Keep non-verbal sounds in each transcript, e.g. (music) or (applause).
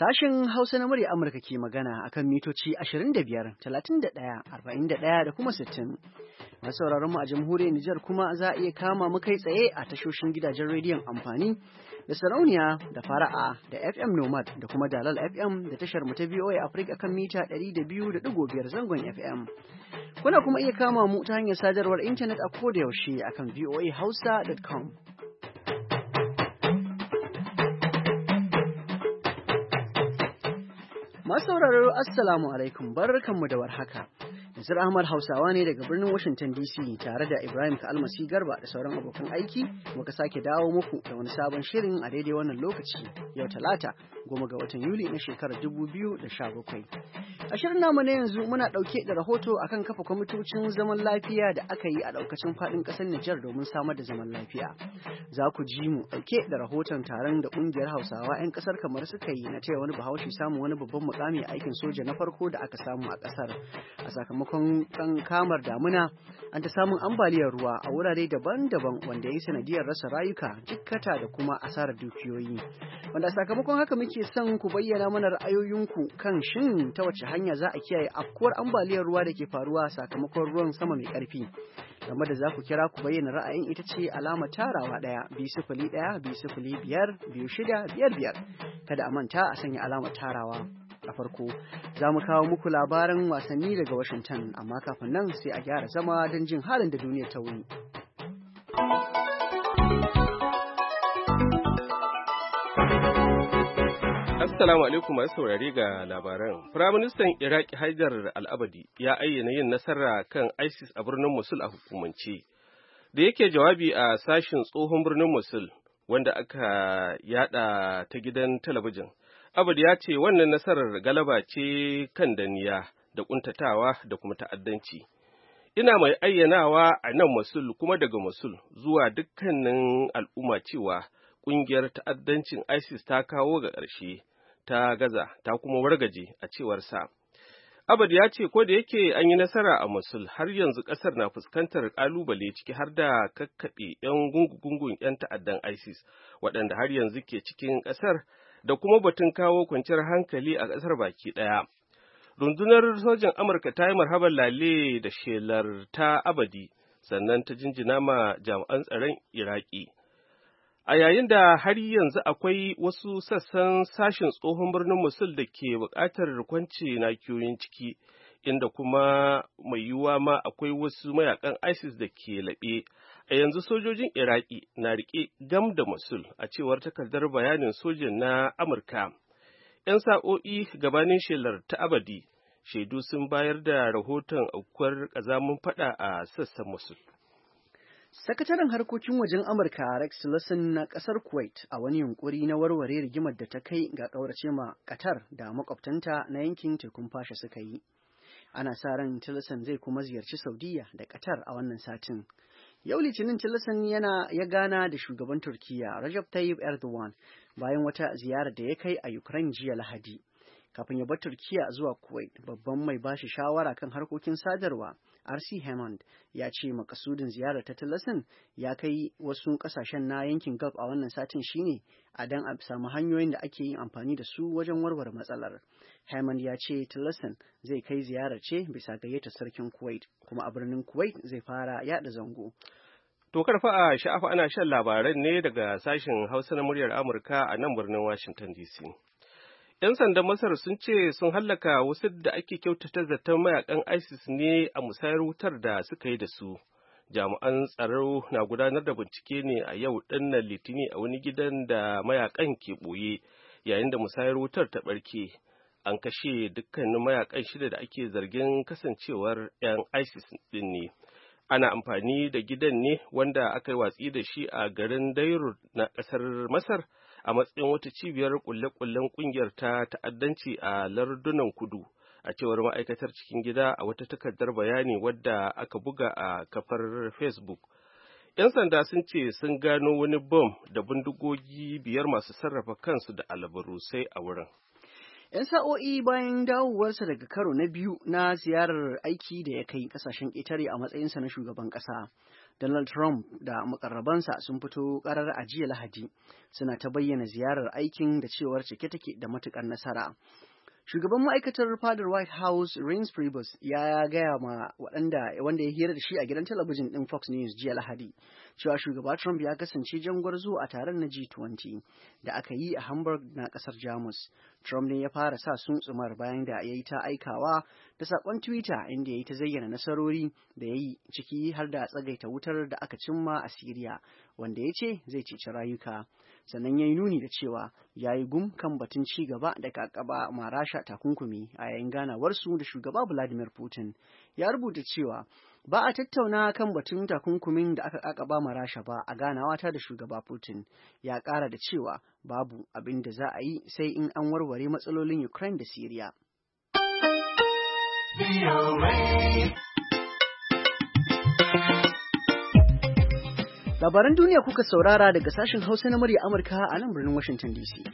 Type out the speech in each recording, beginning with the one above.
Sashen Hausa na murya Amurka ke magana akan mitoci 25, 31, 41 da kuma 60. Na sauraron mu a jamhuriyar Nijar kuma za a iya kama mu kai tsaye a tashoshin gidajen rediyon amfani da sarauniya da fara'a da FM Nomad da kuma Dalal FM da tashar mu ta VOA Africa kan mita 200.5 zangon FM. Kuna kuma iya kama mu ta hanyar sadarwar intanet a kodayaushe akan voahausa.com. masauraro Assalamu alaikum barkanmu da warhaka. Nasir Ahmad Hausawa ne daga birnin Washington DC tare da Ibrahim Kalmasi Garba da sauran abokan aiki muka sake dawo muku da wani sabon shirin a daidai wannan lokaci yau Talata goma ga watan Yuli na shekarar dubu biyu da sha bakwai. A shirin namu na yanzu muna ɗauke da rahoto akan kafa kwamitocin zaman lafiya da aka yi a ɗaukacin faɗin ƙasar Nijar domin samar da zaman lafiya. Za ku ji mu ɗauke da rahoton taron da ƙungiyar Hausawa 'yan ƙasar kamar suka yi na taya wani bahaushe samun wani babban mukami a aikin soja na farko da aka samu a ƙasar a sakamakon sakamakon ɗan kamar damuna an ta samun ambaliyar ruwa a wurare daban-daban wanda ya yi sanadiyar rasa rayuka jikkata da kuma asarar dukiyoyi wanda sakamakon haka muke son ku bayyana mana ra'ayoyinku kan shin ta wace hanya za a kiyaye afkuwar ambaliyar ruwa da ke faruwa sakamakon ruwan sama mai karfi game da za ku kira ku bayyana ra'ayin ita ce alama tarawa ɗaya biyu sifili ɗaya biyu sifili biyar biyu shida biyar biyar kada a manta a sanya alama tarawa a farko za mu kawo muku labaran wasanni daga Washington amma kafin nan sai a gyara zama don jin halin da duniya ta wuni. Assalamu alaikum masu saurari ga labaran. Firaministan Iraki Haidar Al'abadi ya ayyana yin nasara kan ISIS a birnin Mosul a hukumance. Da yake jawabi a sashin tsohon birnin Mosul wanda aka yada ta gidan talabijin. Abud ya ce wannan nasarar galaba ce kan daniya. da kuntatawa da kuma ta'addanci. Ina mai ayyanawa a nan Masul kuma daga Masul zuwa dukkanin al'umma cewa ƙungiyar ta'addancin ISIS ta kawo ga ƙarshe, ta gaza, ta kuma wargaje a cewar sa. Abad ya ce ko da yake an yi nasara a Mosul har yanzu ƙasar na fuskantar ƙalubale ciki har da kakkaɓe 'yan gungun 'yan ta'addan ISIS waɗanda har yanzu ke cikin ƙasar da kuma batun kawo kwanciyar hankali a ƙasar baki ɗaya. Rundunar sojin Amurka ta yi marhaban lale da shelar ta abadi sannan ta jinjina ma jami'an tsaron Iraki. A yayin da har yanzu akwai wasu sassan sashen tsohon birnin Musul da ke buƙatar na kiyoyin ciki, inda kuma mai yiwuwa ma akwai wasu mayakan ISIS da ke laɓe a yanzu sojojin iraki na riƙe gam da masul a cewar takardar bayanin sojin na amurka 'yan sa'o'i gabanin shelar ta abadi shaidu sun bayar da rahoton aukuwar ƙazamin fada a sassan masul Sakataren harkokin wajen Amurka Rex Tillerson na ƙasar Kuwait a wani yunkuri na warware rigimar da ta kai ga ƙaurace ma Qatar da makwabtanta na yankin tekun fasha suka yi. Ana sa ran Tillerson zai kuma ziyarci Saudiya da Qatar a wannan satin. Yau Litinin Tillerson yana ya gana da shugaban Turkiyya Rajab Tayyip Erdogan bayan wata ziyarar da ya kai a Ukraine jiya Lahadi. kafin ya bar turkiya zuwa kuwait babban mai bashi shawara kan harkokin sadarwa rc hammond ya ce makasudin ziyarar ta Tillerson ya kai wasu kasashen na yankin gulf a wannan satin shine a dan a samu hanyoyin da ake yin amfani da su wajen warware matsalar hammond ya ce Tillerson zai kai ziyarar ce bisa gayyatar sarkin kuwait kuma a birnin kuwait zai fara yada zango To karfa a sha'afa ana shan labaran ne daga sashen Hausa na muryar Amurka a nan birnin Washington DC. 'Yan sandan Masar sun ce sun hallaka wasu da ake kyautata zaton mayakan ISIS ne a musayar wutar da suka yi da su. Jami'an tsaro na gudanar da bincike ne a yau ɗannan litini a wani gidan da mayakan ke ɓoye yayin da musayar wutar ta ɓarke. An kashe dukkanin mayakan shida da ake zargin kasancewar 'yan ISIS ɗin ne. ana amfani da gidan ne wanda aka yi watsi da shi a garin Dairu na ƙasar Masar a matsayin wata cibiyar kulle-kullen kungiyar ta ta'addanci a lardunan kudu a cewar ma'aikatar cikin gida a wata takardar bayani wadda aka buga a kafar facebook 'yan sanda sun ce sun gano wani bom da bindigogi biyar masu sarrafa kansu da albarusai a wurin 'yan sa'o'i bayan dawowarsa daga karo na biyu na ziyarar aiki da ya kai kasashen ƙetare a matsayinsa na shugaban ƙasa Donald Trump da makarrabansa sun fito karar a jiya Lahadi suna ta bayyana ziyarar aikin da cewar cike take da matukar nasara. Shugaban ma'aikatar fadar White House Reince Priebus ya gaya ma waɗanda wanda ya hira da shi a gidan talabijin ɗin Fox News jiya Lahadi cewa shugaba Trump ya kasance jangwar zuwa a taron na G20 da aka yi a Hamburg na ƙasar Jamus. Trump ne ya fara sa tsumar bayan da ya yi ta aikawa da saƙon Twitter inda ya yi ta zayyana nasarori da ya yi ciki har da tsagaita wutar da aka cimma a Siriya wanda ya ce zai cici rayuka. Sannan ya yi nuni da cewa ya yi gum kan batun ci gaba da kakaba ma Rasha takunkumi a yayin ganawarsu da shugaba Vladimir Putin. Ya rubuta cewa Ba a tattauna kan batun takunkumin da aka kakaba marasha Rasha ba a ganawa ta da shugaba Putin ya ƙara da cewa babu abin da za a yi sai in an warware matsalolin Ukraine da Syria. Labaran duniya kuka saurara daga sashen Hausa na murya Amurka a nan birnin Washington DC.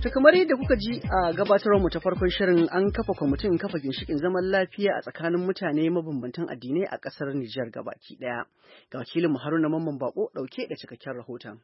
To kamar yadda kuka ji a mu ta farkon shirin an kafa kwamitin kafa ginshikin zaman lafiya a tsakanin mutane mabambantan addinai a ƙasar Nijar gabaki ɗaya. Ga wakilin Haruna Mamman Bako ɗauke da cikakken rahoton.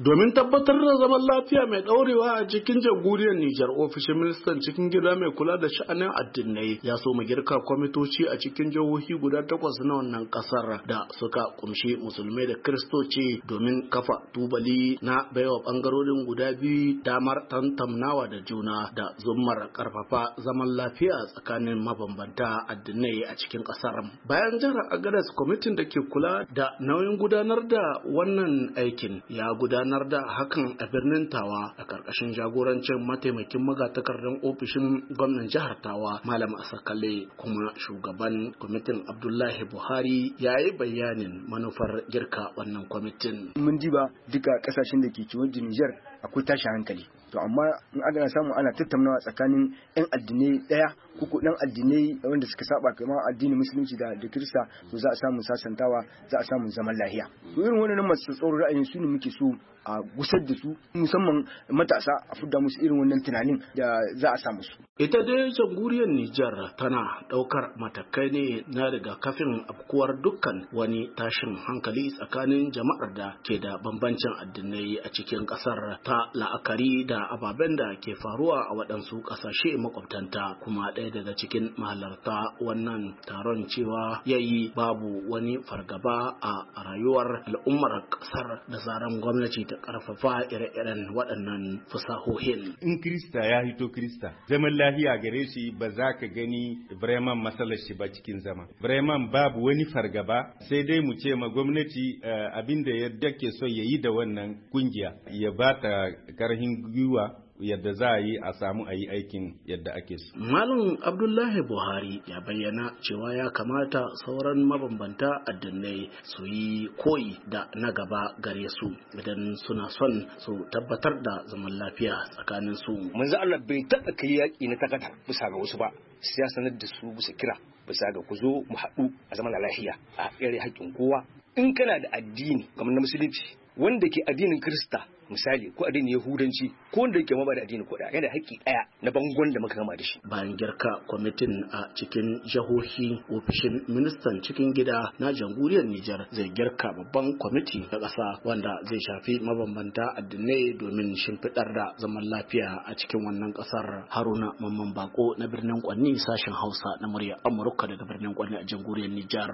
Domin tabbatar da zaman lafiya mai ɗaurewa a cikin jamhuriyar Nijar ofishin ministan cikin gida mai kula da sha'anin addinai ya so mu girka kwamitoci a cikin jihohi guda takwas na wannan ƙasar da suka kumshi musulmai da kiristoci domin kafa tubali na baiwa bangarorin guda biyu damar tantamnawa da juna da zummar karfafa zaman lafiya tsakanin mabambanta addinai a cikin ƙasar. Bayan jihar Agadas kwamitin da ke kula da nauyin gudanar da wannan aikin ya gudanar gudanar da hakan a birnin Tawa a karkashin jagorancin mataimakin magatakardan ofishin gwamnan jihar Tawa Malam Asakale kuma shugaban kwamitin Abdullahi Buhari ya yi bayanin manufar girka wannan kwamitin. Mun ba duka kasashen da ke ciwon Nijar akwai tashi hankali. To amma in ana samu ana tattaunawa tsakanin 'yan addinai daya. kuku dan addinai wanda suka saba kamar addinin musulunci da da kirista to za a samu sasantawa za a samu zaman lahiya to irin wannan masu tsoro ra'ayin su ne muke so a gusar da su musamman matasa a fudda musu irin wannan tunanin da za a samu su ita dai jamhuriyar Nijar tana daukar matakai ne na kafin afkuwar dukkan wani tashin hankali tsakanin jama'ar da ke da bambancin addinai a cikin kasar ta la'akari da ababen da ke faruwa a waɗansu ƙasashe makwabtanta kuma ɗaya daga cikin mahalarta wannan taron cewa yayi babu wani fargaba a rayuwar al'ummar ƙasar da zaren gwamnati ta ƙarfafa ire-iren waɗannan fasahohin. In Krista ya hito Krista, zaman lahiya gare shi ba za ka gani bireman matsalar ba cikin zama. breman babu wani fargaba sai dai mu ce ma gwamnati eh, abin da ya dake so ya yi da wannan kungiya ya ba ta karhin gwiwa yadda za a yi a samu a yi aikin yadda ake so. Malam Abdullahi Buhari ya bayyana cewa ya kamata sauran mabambanta addinai su yi koyi da na gaba gare su idan suna son su tabbatar da zaman lafiya tsakanin su. Manzo Allah bai taɓa kai yaƙi na takata bisa ga wasu ba siya sanar da su bisa kira bisa ga ku zo mu haɗu a zaman lafiya a ƙere haƙƙin kowa in kana da addini kamar na musulunci wanda ke addinin Kirista misali ko addinin Yahudanci ko wanda yake maba addinin ko yana haƙƙi ɗaya na bangon da muka gama da shi. Bayan girka kwamitin a cikin jahohi ofishin ministan cikin gida na jamhuriyar Nijar zai girka babban kwamiti na ƙasa wanda zai shafi mabambanta addinai domin shimfiɗar da zaman lafiya a cikin wannan ƙasar Haruna Mamman Bako na birnin Kwanni sashen Hausa na murya Amurka daga birnin Kwanni a jamhuriyar Nijar.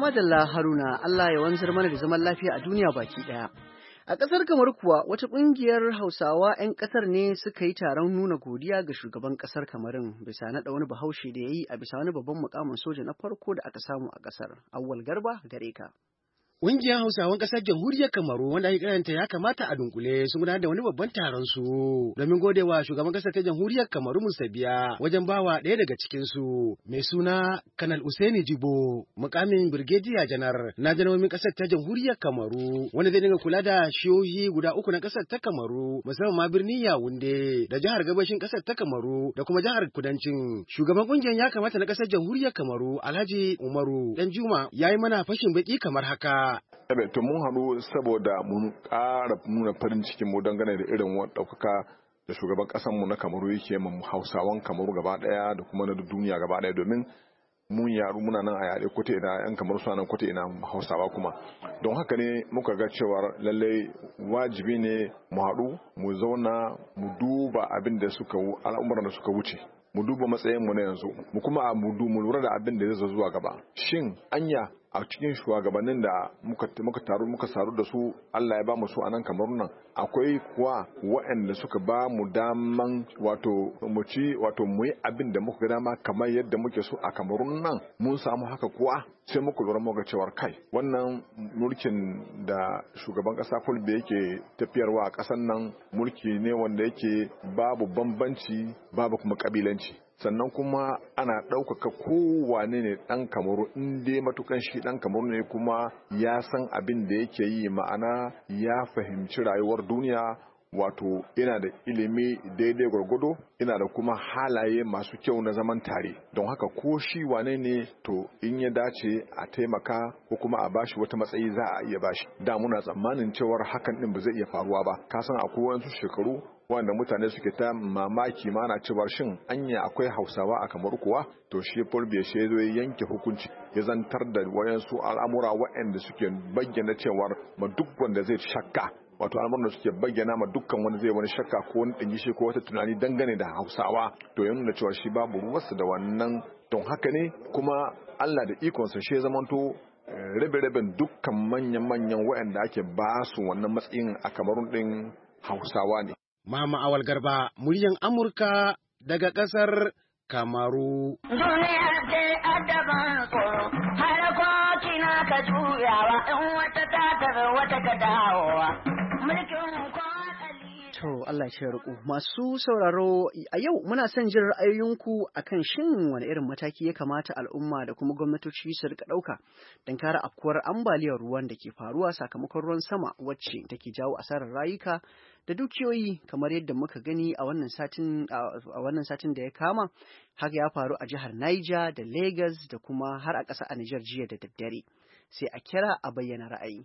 madalla Haruna Allah ya wanzar mana da zaman lafiya a duniya baki ɗaya. A ƙasar kamar kuwa wata ƙungiyar Hausawa 'yan ƙasar ne suka yi taron nuna godiya ga shugaban ƙasar Kamarin bisa naɗa wani bahaushe da ya yi a bisa wani babban mukamin soja na farko da aka samu a ƙasar. Awwal Garba gare ka. Ƙungiyar Hausawan ƙasar Jamhuriyar Kamaru wanda ake kiranta ya kamata a dunkule sun gudanar da wani babban taron su domin gode wa shugaban ƙasar ta Jamhuriyar Kamaru Musa Biya wajen bawa ɗaya daga cikin su mai suna Kanal Usaini Jibo mukamin Birgediya Janar na janomin ƙasar ta Jamhuriyar Kamaru wanda zai dinga kula da shiyoyi guda uku na ƙasar ta Kamaru musamman ma birnin yawunde da jihar gabashin ƙasar ta Kamaru da kuma jihar kudancin. Shugaban ƙungiyar ya kamata na ƙasar Jamhuriyar Kamaru Alhaji Umaru Danjuma ya yi mana fashin baki kamar haka. to mun haɗu saboda mun ƙara nuna farin cikin mu dangane da irin ɗaukaka da shugaban ƙasar mu na kamaru yake mu hausawan kamaru gaba ɗaya da kuma na duniya gaba ɗaya domin mun yaro muna nan a yare kote ina yan kamar su nan kote ina hausawa kuma don haka ne muka ga cewa lallai wajibi ne mu haɗu mu zauna mu duba abin da suka al'amuran da suka wuce mu duba matsayin mu na yanzu mu kuma mu lura da abin da zai zuwa gaba shin anya a cikin shugabannin da muka taru muka saru da su Allah ya ba mu su a nan kamar nan akwai kuwa waɗanda suka ba mu daman wato mu ci wato mu yi abin da muka dama kamar yadda muke so a kamarun nan mun samu haka kuwa sai muka lura muka cewar kai wannan mulkin da shugaban ƙasa kulbe yake tafiyarwa a ƙasar nan mulki ne wanda yake babu bambanci babu kuma ƙabilanci sannan kuma ana ɗaukaka kowane ne ɗan kamaru in dai matukan shi ɗan kamaru ne kuma ya san abin da yake yi ma'ana ya fahimci rayuwar duniya wato ina da ilimi daidai gwargwado ina da kuma halaye masu kyau na zaman tare don haka ko shi wane ne to in ya dace a taimaka ko kuma a bashi wata matsayi za a iya bashi da muna tsammanin cewar hakan din ba zai iya faruwa ba ka san akwai wasu shekaru wanda mutane suke ta mamaki mana cewar shin anya akwai hausawa a kamar kuwa to shi fulbe shi zo yanke hukunci ya zantar da wayansu al'amura waɗanda suke bayyana cewar ma duk wanda zai shakka wato al'amuran da suke bayyana ma dukkan wani zai wani shakka ko wani ɗanyi ko wata tunani dangane da hausawa to ya nuna cewa shi babu ruwarsa da wannan don haka ne kuma allah da ikonsa shi ya zamanto eh, rabe-raben dukkan manyan-manyan waɗanda ake ba su wannan matsayin a kamarun din hausawa ne. Mama Awal Garba, muryan Amurka daga ƙasar Kamaru. Duniya ce adaban har na ka juyawa, in wata ta wata ka dawowa. To Allah ya riko masu sauraro a yau muna son jin ra'ayoyinku akan shin wani irin mataki ya kamata al'umma da kuma gwamnatoci su rika ɗauka don kare afkuwar ambaliyar ruwan da ke faruwa sakamakon ruwan sama wacce take jawo asarar rayuka da dukiyoyi kamar yadda muka gani a wannan satin da ya kama haka ya faru a jihar Niger da Lagos da kuma har a ƙasa a Niger jiya da daddare sai a kira a bayyana ra'ayi.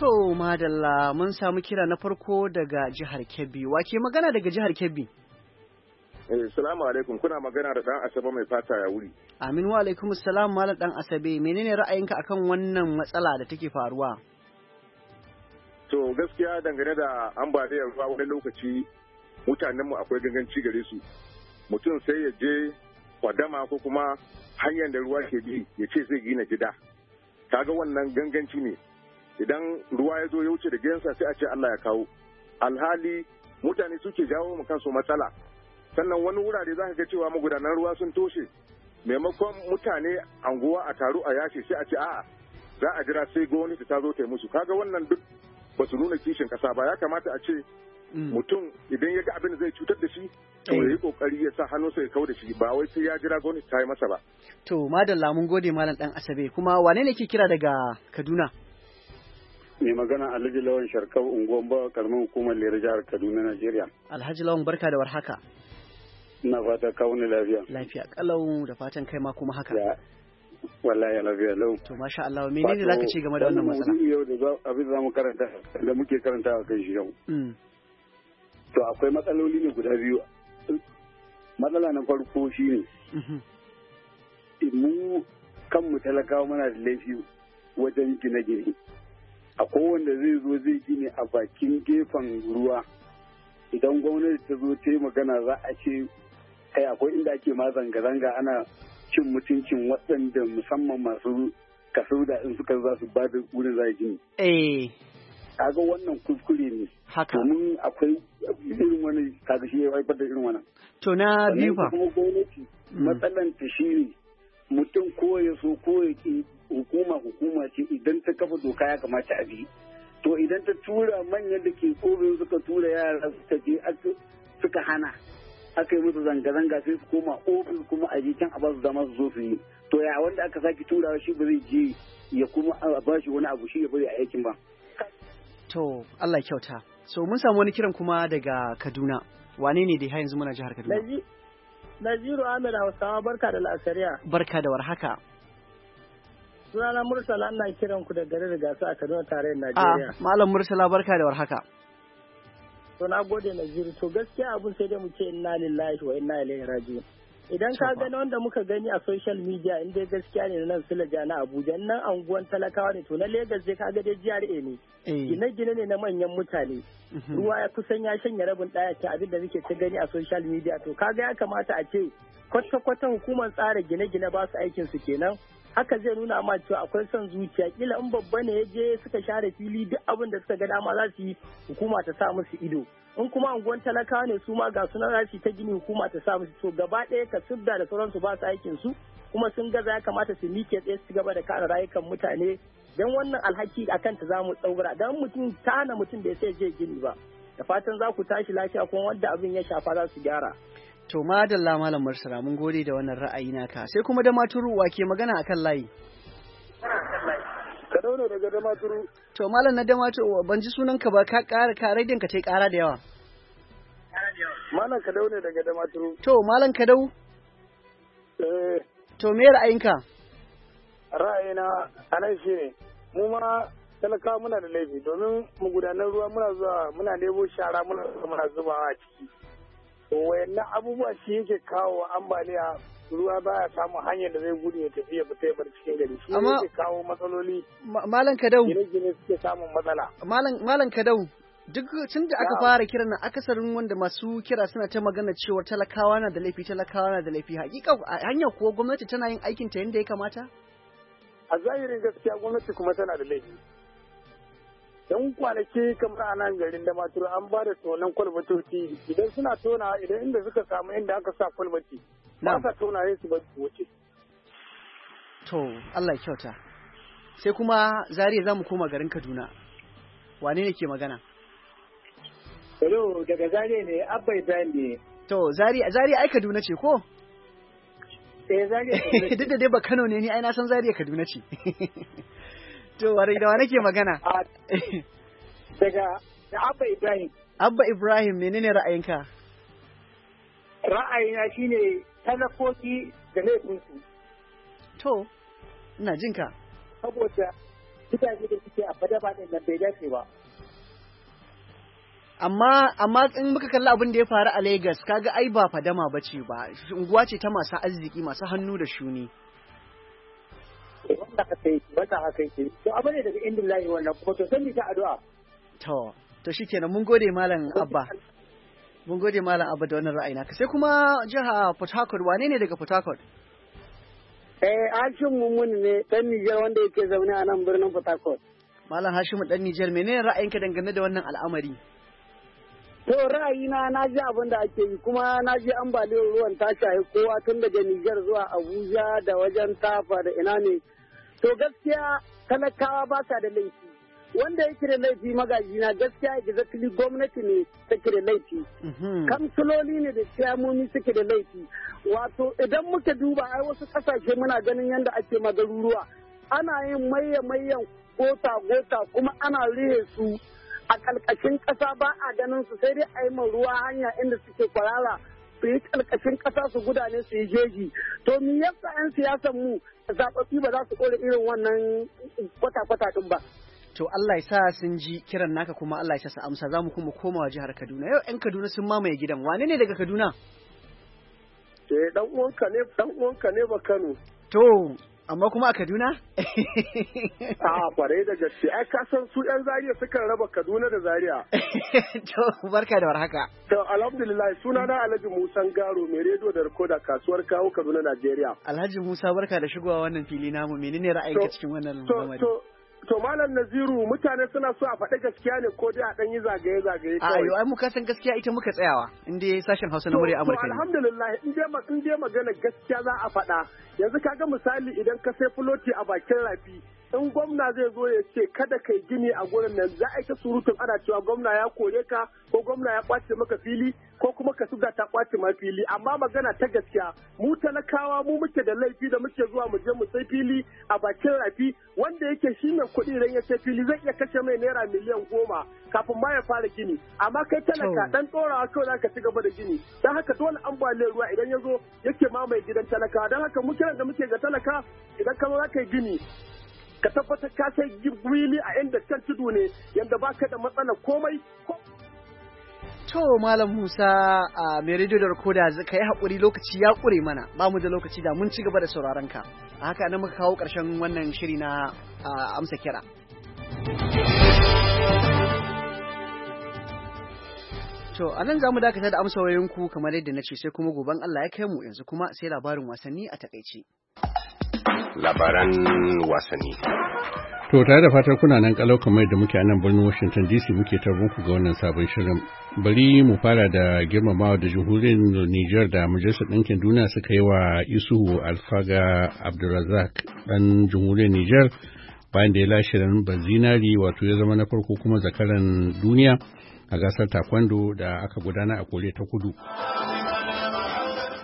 To madalla mun samu kira na farko daga jihar Kebbi. ke magana daga jihar Kebbi? Eh, salamu alaikum kuna magana da dan Asabe mai fata ya wuri. Amin wa alaikum salam malam dan Asabe menene ra'ayinka akan wannan matsala da take faruwa? To gaskiya dangane da ambaliyar ruwa wani lokaci mutanenmu akwai ganganci gare su. Mutum sai ya je kwadama ko kuma hanyar da ruwa ke bi ya ce zai gina gida. Kaga wannan ganganci ne idan ruwa ya zo ya wuce da gidansa sai a ce Allah ya kawo alhali mutane suke jawo mu kansu matsala sannan wani wurare za ka ga cewa magudanan ruwa sun toshe maimakon mutane anguwa a taru a yashe sai a ce a'a za a jira sai gwamnati ta zo ta yi musu kaga wannan duk ba su nuna kishin kasa ba ya kamata a ce mm. mutum idan ya ga abin da zai cutar da shi to eh. ya yi kokari ya sa hannunsa ya kau da shi ba wai sai ya jira gwamnati ta yi masa ba to madalla mun gode malam dan asabe kuma wane ne ke kira daga kaduna mai magana alhaji lawan sharkau unguwan ba karamin hukumar lera jihar kaduna Nigeria. alhaji lawan barka da warhaka ina fata kawo ni lafiya lafiya kalau da fatan kai ma kuma haka wallahi lafiya lau to masha Allah za zaka ce game da wannan matsala yau da abin mu karanta da muke karanta a kan shi yau mm. to akwai matsaloli ne guda biyu matsala na farko shine mm-hmm. mu kanmu talakawa muna da laifi wajen gine-gine A kowanne zai zo zai gini a bakin gefen ruwa idan gwamnati ta zo ta yi magana za a ce kai akwai inda ake ma zanga-zanga ana cin mutuncin waɗanda musamman masu kasar da in suka za su bada wurin za a gini. Eh. kaga wannan kuskure ne. Haka. Domin akwai irin wani kaga shi ya haifar da irin wannan. To na biyu ba. kuma gwamnati mm. matsalan ta shi ne mutum ko ya so ko ya ki hukuma hukuma ce idan ta kafa doka ya kamata a bi to idan ta tura manyan da ke kogin suka tura yara suka je suka hana aka yi musu zanga-zanga sai su koma ofis kuma a can a ba su su zo su yi to ya wanda aka sake tura shi ba zai je ya kuma a ba shi wani abu shi ya bari a aikin ba to Allah kyauta so mun samu wani kiran kuma daga Kaduna wane ne da yanzu muna jihar Kaduna Naziru Ahmed Hausawa barka da la'asariya barka da warhaka sunana Mursala ina kiran ku da garin Rigasa a Kaduna tarayyar ah, Najeriya. Malam Mursala barka da warhaka. To na gode na jiri to gaskiya abun sai dai mu ce inna lillahi wa inna ilaihi raji'un. Idan ka gani wanda muka gani a social media in dai gaskiya ne nan Sulaja na Abuja nan anguwan talakawa ne to na Lagos dai ka ga dai GRA ne. Eh. Gine-gine ne na manyan mutane. Mhm. Ruwa ya kusan ya shanya rabin ɗaya ta abin da muke ta gani a social media to kaga ya kamata a ce kwata-kwata hukumar tsara gine-gine ba su aikin su kenan haka zai nuna ma cewa akwai son zuciya kila in babba ne ya je suka share fili duk abin da suka ga dama za su yi hukuma ta sa musu ido in kuma unguwan talakawa ne su ma ga sunan za su ta gini hukuma ta sa musu to gaba ɗaya ka sudda da sauransu ba su aikin su kuma sun gaza ya kamata su mike tsaye su gaba da kare rayukan mutane dan wannan alhaki a kanta za mu tsaura dan mutum tana mutum bai sai je gini ba da fatan za ku tashi lafiya kuma wanda abin ya shafa za su gyara. To madalla malam Marsara mun gode da wannan ra'ayi naka sai kuma da maturu ke magana akan layi. Ka daure daga da maturu. To malam na da maturu ban ji sunan ka ba ka ƙara ka radiyon ka tai ƙara da yawa. Malam ka ne daga da maturu. To malam ka dau. Eh. To me ra'ayinka? Ra'ayina anan shi ne mu ma talaka muna da laifi domin mu gudanar ruwa muna zuwa muna nemo shara muna zubawa a ciki. wayannan abubuwa shi yake kawo ambaliya ruwa baya samun hanyar da zai gudu ya tafi ya ta ya bar cikin gari shi yake kawo matsaloli malam kadau gine-gine suke samun matsala malam kadau duk tun da aka fara kiran nan akasarin wanda masu kira suna ta magana cewa talakawa na da laifi talakawa na da laifi hakika hanyar kuwa gwamnati tana yin aikin ta yadda ya kamata a zahirin gaskiya gwamnati kuma tana da laifi don kwanaki kamar a nan garin da maturu an ba da tonon kwalbatoci idan suna tona idan inda suka samu inda aka sa kwalbati ba sa tona yin su ba wuce to Allah kyauta sai kuma zariya mu koma garin Kaduna wane ne ke magana Hello daga Zariya ne Abba Ibrahim ne to Zariya Zariya ai Kaduna ce ko eh Zariya (laughs) duk da dai ba Kano ne ni ai na san Zariya Kaduna ce (laughs) To, warai da wa nake magana? Daga da Abba Ibrahim. Abba Ibrahim, menene ra'ayinka? Ra'ayina shine talakoki da laifinsu. To, ina jinka. Saboda mutane da suke a fadaba ba nan bai dace ba. amma amma in muka kalli abin da ya faru a Lagos kaga ai ba fadama bace ba unguwa ce ta masu arziki masu hannu da shuni wannan haka yake wannan haka yake to abu ne daga indin lahi wannan kuma to sai ta addu'a to to shikenan mun gode malam abba mun gode malam abba da wannan ra'ayi ka sai kuma jiha Port Harcourt wane ne daga Port Harcourt eh Hashim Mumun ne dan Nijar wanda yake zaune a nan birnin Port Harcourt Malam Hashimu dan Nijar menene ra'ayinka dangane da wannan al'amari To ra'ayina na ji abin da ake yi kuma na ji ambaliyar ruwan ta shahi kowa tun daga Nijar zuwa Abuja da wajen Tafa da ina ne to gaskiya talakawa ba sa da laifi wanda ya da laifi magajina gaskiya exactly gwamnati ne ta da laifi mhm. kamsuloli ne da ciyamomi suke da laifi wato idan muka duba ai wasu kasashe muna ganin yadda ake magaruruwa ana yin maye mayyan gota gota kuma ana rihe su a ƙarƙashin ƙasa ba a ganin su sai dai a yi ruwa hanya inda suke kwarara su yi kalkashin ƙasa su gudane su yi jeji to mi yasa 'yan siyasan mu zaɓaɓɓi ba za su kora irin wannan kwata-kwata ɗin ba. To Allah ya sa sun ji kiran naka kuma Allah ya sa su amsa za mu kuma komawa jihar Kaduna. Yau 'yan Kaduna sun mamaye gidan wane ne daga Kaduna? Eh dan uwanka ne ne ba Kano. To amma kuma a Kaduna? (laughs) A kwarai da gaske, ai ka san su ‘yan Zaria sukan raba Kaduna da Zaria. (laughs) To, barka da warhaka. To, alhamdulillah suna na Alhaji Musa Garo mai rediyo da rikoda kasuwar kawo Kaduna, Najeriya. Alhaji Musa barka da shigowa wannan fili namu, menene ra'ayinka cikin wannan lamari? to malam naziru mutane suna so a faɗi gaskiya ne ko dai a ɗan yi zagaye zagaye a yau ai muka san gaskiya ita muka tsayawa in dai sashen hausa na murya amurka ne alhamdulillah in dai magana gaskiya za a faɗa yanzu kaga misali idan ka sai fuloti a bakin rafi in gwamna zai zo ya ce kada kai gini a gurin nan za a yi ta surutun ana cewa gwamna ya kore ka ko gwamna ya kwace maka fili ko kuma ka suga ta kwace ma fili amma magana ta gaskiya mu talakawa mu muke da laifi da muke zuwa mu je mu sai fili a bakin rafi wanda yake shi mai kuɗi idan ya sai fili zai iya kashe mai naira miliyan goma kafin ma ya fara gini amma kai talaka dan tsorawa kawai za ka ci gaba da gini don haka dole ambaliyar ruwa idan ya zo yake mamaye gidan talakawa don haka muke kiran da muke ga talaka idan ka za ka yi gini ka tabbatar ka sai gwili a inda can tudu ne yadda ba ka da matsala komai To Malam Musa a mai rediyo da rikoda ka yi haƙuri lokaci ya ƙure mana ba mu da lokaci da mun ci gaba da sauraron ka. A haka nan muka kawo ƙarshen wannan shiri na amsa kira. To, a nan za mu dakata da amsa wayanku kamar yadda na ce sai kuma goben Allah ya kai mu yanzu kuma sai labarin wasanni a takaice. Labaran wasanni. To, tare da fatar kuna nan kalau kamar da muke a nan birnin Washington DC muke tarbunku ga wannan sabon shirin. Bari mu fara da girmamawa da jihurin Nijar da Majalisar Ɗinkin Duniya suka yi wa Isuhu Alfaga Abdulrazak ɗan Jihurin Nijar bayan da ya lashe ran zinari wato ya zama na farko kuma zakaran duniya a gasar taekwondo da aka gudana a kore ta kudu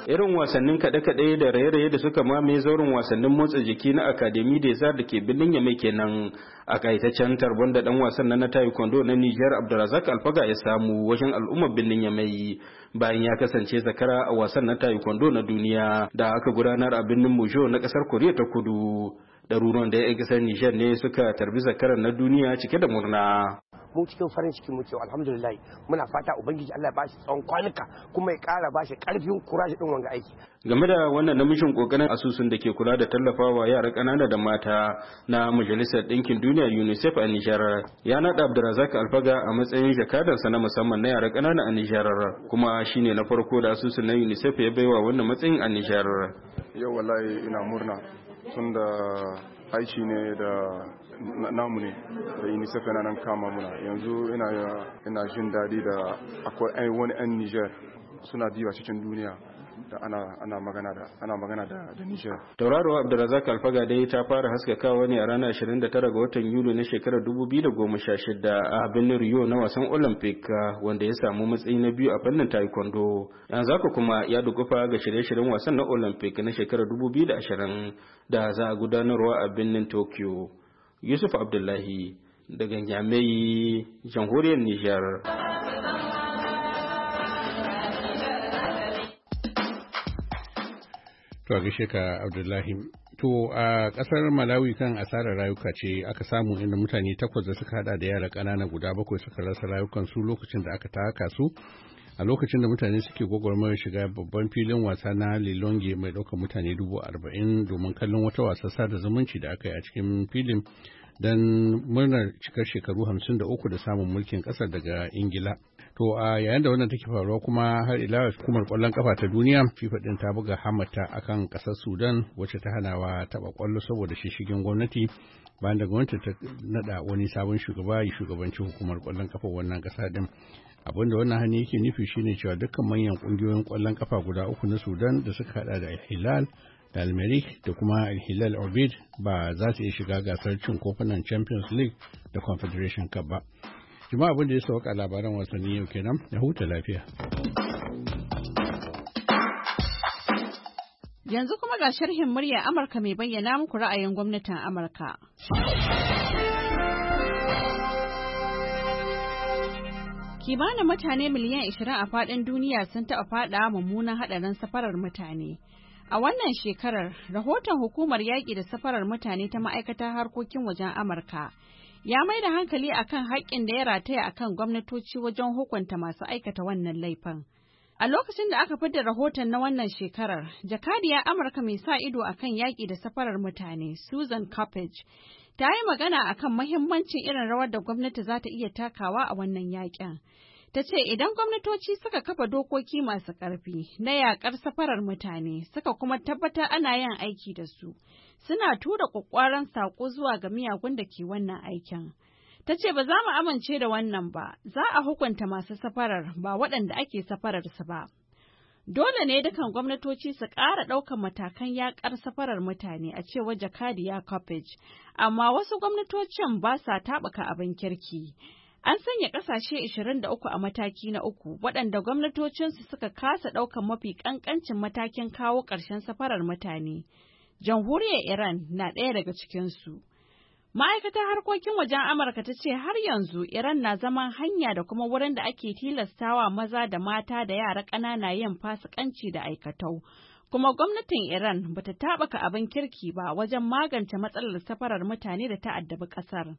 irin wasannin kaɗe-kaɗe da raye-raye da suka mamaye zauren wasannin motsa jiki na akademi da zar da ke birnin yamai kenan a ƙaitaccen tarbon da ɗan wasan na taekwondo na nijar abdulrazak alfaga ya samu wajen al'ummar birnin yamai bayan ya kasance zakara a wasan na taekwondo na duniya da aka gudanar a birnin mujo na ƙasar koriya ta kudu ɗaruruwan da ya ƙasar Nijar ne suka tarbi zakaran na duniya cike da murna. mu cikin farin ciki muke alhamdulillah muna fata ubangiji Allah ya bashi tsawon kwanuka kuma ya kara bashi karfin kurashi din wanga aiki game da wannan namishin kokarin asusun da ke kula da tallafawa yara kanana da mata na majalisar Dinkin duniya UNICEF a Nijar ya nada Abdulrazak Alfaga a matsayin jakadansa na musamman na yara kanana a Nijar kuma shine na farko da asusun na UNICEF ya baiwa wannan matsayin a Nijar yau wallahi ina murna tun da aiki ne da namu ne da unicef yana nan kama muna yanzu ina jin daɗi da akwai wani 'yan niger suna diba cikin duniya da ana magana da ana magana da da Niger Tauraro Abdulrazak Alfaga dai ta fara haskakawa ne a ranar 29 ga watan Yuli na shekarar 2016 a birnin Rio na wasan Olympic wanda ya samu matsayi na biyu a fannin taekwondo yanzu haka kuma ya dukufa ga shirye-shiryen wasan na Olympic na shekarar 2020 da za a gudanarwa a birnin Tokyo Yusuf Abdullahi daga Nyamai jamhuriyar Nijar. To gaishe ka Abdullahi. To a kasar Malawi kan asarar rayuka ce aka samu inda mutane takwas da suka hada da yara kanana guda bakwai suka rasa rayukan su lokacin da aka taka su a lokacin da mutane suke gwagwarmayar shiga babban filin wasa na Lilonge mai ɗaukar mutane dubu arba'in domin kallon wata wasa sada zumunci da aka yi a cikin filin don murnar cikar shekaru hamsin da uku da samun mulkin ƙasar daga Ingila. To a yayin da wannan take faruwa kuma har ila hukumar kwallon kafa ta duniya FIFA din ta buga hamata akan kasar Sudan wacce ta hanawa taba kwallo saboda shishigin gwamnati bayan da gwamnati ta nada wani sabon shugaba ya shugabanci hukumar kwallon kafa wannan kasa din. Abin da wannan hani yake nufi shine cewa dukkan manyan kungiyoyin kwallon kafa guda uku na Sudan da suka hada da Hilal da Almerik da kuma Hilal Obid ba za su iya shiga gasar cin kofunan Champions League da Confederation Cup ba. Juma abin da ya sauka labaran wasanni yau kenan ya huta lafiya. Yanzu kuma ga sharhin murya Amurka mai bayyana muku ra'ayin gwamnatin Amurka. Kimanin mutane miliyan 20 a faɗin duniya sun taɓa faɗa mummunan haɗarin safarar mutane. A wannan shekarar, rahoton hukumar yaƙi da safarar mutane ta ma'aikatar harkokin wajen Amurka ya mai da hankali a kan haƙƙin da ya rataya a kan gwamnatoci wajen hukunta masu aikata wannan laifin. A lokacin da aka fidda rahoton na wannan shekarar, jakadiyar Amurka mai sa ido a kan yaƙi da safarar mutane, Susan Coppage, ta yi magana a kan mahimmancin irin rawar da gwamnati za ta iya takawa a wannan yaƙin. Ta ce idan gwamnatoci suka kafa dokoki masu ƙarfi na yaƙar safarar mutane, suka kuma tabbatar ana yin aiki da su. suna tura kwakwaran saƙo zuwa ga miyagun da ke wannan aikin. Ta ce ba za mu amince da wannan ba, za a hukunta masu safarar ba waɗanda ake safararsu ba. Dole ne dukan gwamnatoci su ƙara ɗaukan matakan yaƙar safarar mutane a cewar Jakadiya Coppage, amma wasu gwamnatocin ba sa taɓuka abin kirki. An sanya ƙasashe 23 a mataki na uku waɗanda gwamnatocinsu suka kasa ɗaukan mafi ƙanƙancin matakin kawo ƙarshen safarar mutane. jamhuriyar Iran na ɗaya daga cikinsu. Ma'aikatar harkokin wajen Amurka ta ce har yanzu Iran na zaman hanya da kuma wurin da ake tilastawa maza da mata da yara ƙanana yin fasikanci da aikatau. Kuma gwamnatin Iran bata taɓaka abin kirki ba wajen magance matsalar safarar mutane da ta ƙasar.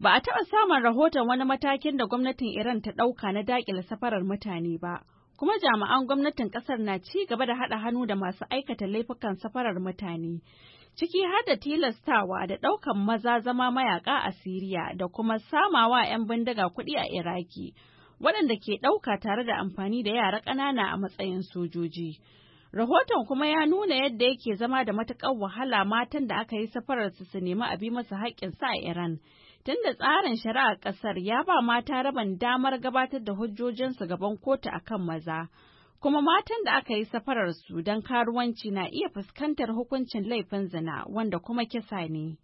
Ba a taɓa samun rahoton wani matakin da gwamnatin Iran ta ɗauka na daƙile safarar mutane ba. kuma jami'an gwamnatin kasar na ci gaba da haɗa hannu da masu aikata laifukan safarar mutane ciki har da tilastawa da ɗaukan maza zama mayaka a siriya da kuma samawa 'yan bindiga kuɗi a iraki waɗanda ke ɗauka tare da amfani da yara ƙanana a matsayin sojoji rahoton kuma ya nuna yadda yake zama da matuƙar wahala matan da aka yi safarar su su nemi a abi masa haƙƙinsu a iran tunda tsarin shari'a ƙasar ya ba mata rabin damar gabatar da hujjojinsu gaban kotu akan maza. Kuma matan da aka yi safarar su don karuwanci na iya fuskantar hukuncin laifin zina wanda kuma kisa ne.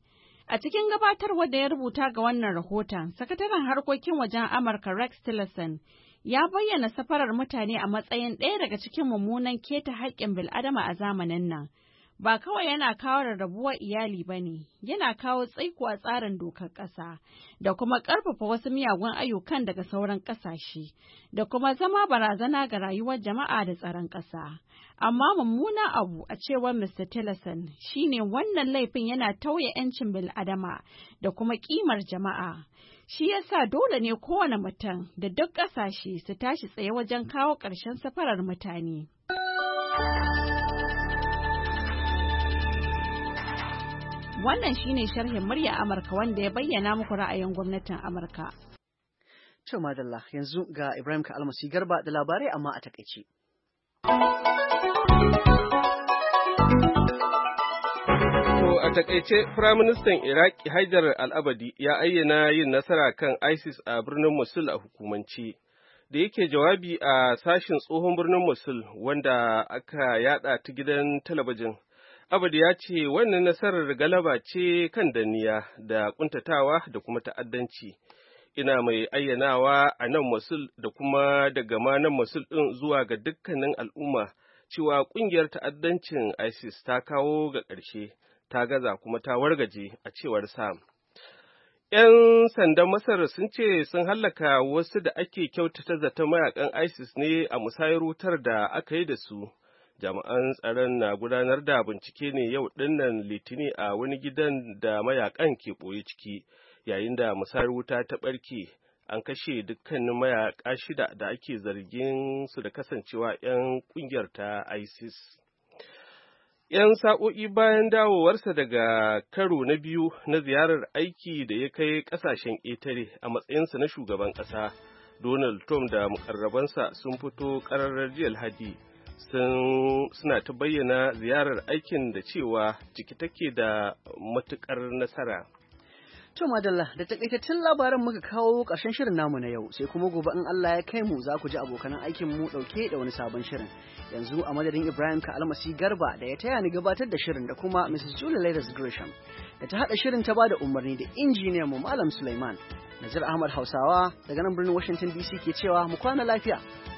A cikin gabatarwa da ya rubuta ga wannan rahoton, sakataren harkokin wajen Amurka Rex Tillerson ya bayyana safarar mutane a matsayin ɗaya daga cikin mummunan keta haƙƙin bil'adama a zamanin nan. ba kawai yana kawo rarrabuwar iyali ba ne, yana kawo a tsarin dokar ƙasa da kuma ƙarfafa wasu miyagun ayyukan daga sauran ƙasashe da kuma zama barazana ga rayuwar jama'a da tsaron ƙasa. Amma mummuna abu a cewar Mr. Tillerson shine wannan laifin yana tauye 'yancin bil'adama da kuma ƙimar jama'a. Shi yasa dole ne kowane mutum da duk ƙasashe su tashi tsaye wajen kawo ƙarshen safarar mutane. Wannan shine sharhin murya Amurka wanda ya bayyana muku ra'ayin gwamnatin Amurka. To madalla yanzu ga Ibrahim ka almasi garba da labarai amma a takaice. a takaice firaministan iraki haidar al'abadi ya ayyana yin nasara kan isis a birnin mosul a hukumance da yake jawabi a sashen tsohon birnin mosul wanda aka yada ta gidan talabijin Abadi ya ce wannan nasarar galaba ce kan daniya da kuntatawa da kuma ta'addanci. Ina mai ayyanawa a nan masul da kuma daga ma nan masul ɗin zuwa ga dukkanin al'umma cewa ƙungiyar ta'addancin ISIS ta kawo ga ƙarshe, ta gaza kuma ta wargaje a cewar Sam. ‘Yan sandan Masar sun ce sun hallaka wasu da ake kyautata zata mayakan ISIS ne a musayar wutar da aka yi da su. jami'an tsaron na gudanar da bincike ne yau dinnan litini a wani gidan da mayakan ke ɓoye ciki yayin da misali wuta ta ɓarke an kashe dukkanin mayaka shida da ake zargin su da kasancewa 'yan ƙungiyar ta isis ‘Yan sa'o'i bayan dawowarsa daga karo na biyu na ziyarar aiki da ya kai ƙasashen ƙetare a matsayinsa na shugaban ƙasa, Donald Trump da mukarrabansa sun fito ƙararrar jiya Alhadi suna ta bayyana ziyarar aikin da cewa ciki take da matukar nasara. To madalla da takaitaccen labaran muka kawo ƙarshen shirin namu na yau sai kuma gobe in Allah ya kai mu za ku ji abokan aikin mu ɗauke da wani sabon shirin. Yanzu a madadin Ibrahim ka almasi garba da ya taya ni gabatar da shirin da kuma Mrs. Julie Ladies Gresham da ta haɗa shirin ta ba da umarni da injiniyan mu Malam Suleiman. Nazir Ahmad Hausawa daga nan birnin Washington DC ke cewa mu kwana lafiya.